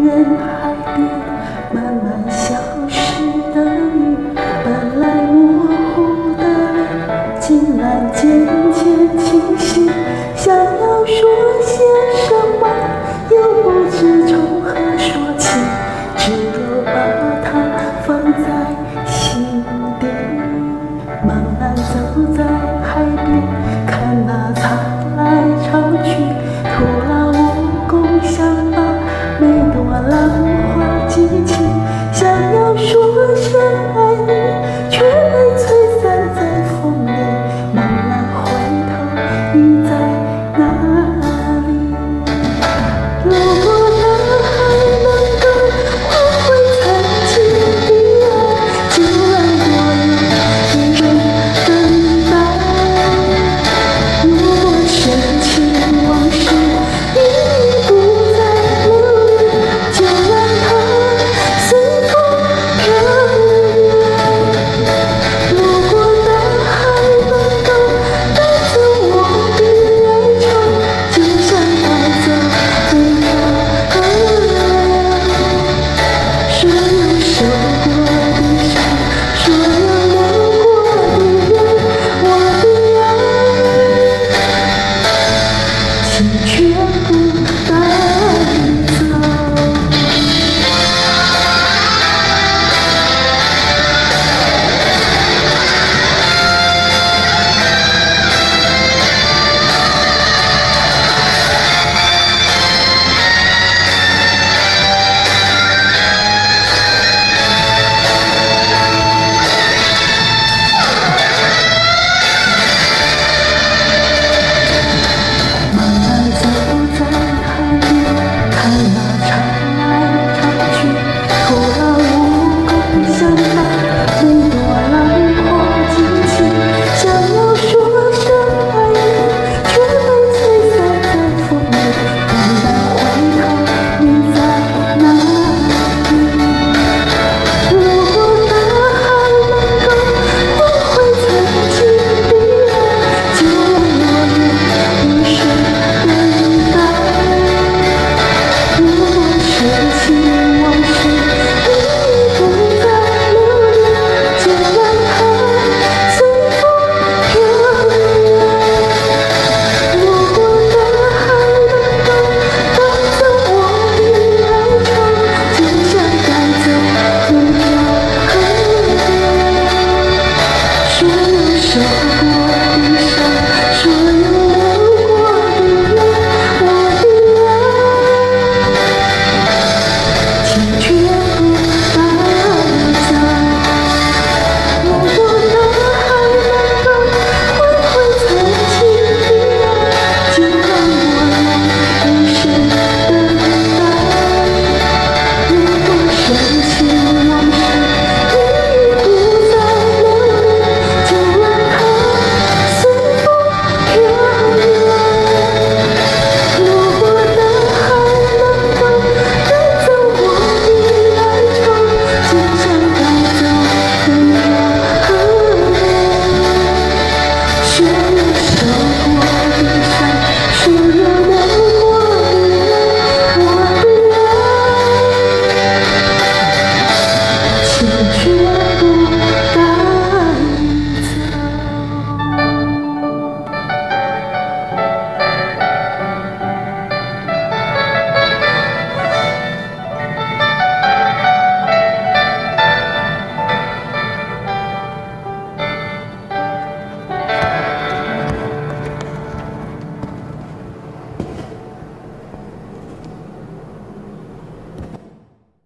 人海邊，慢慢消失的你。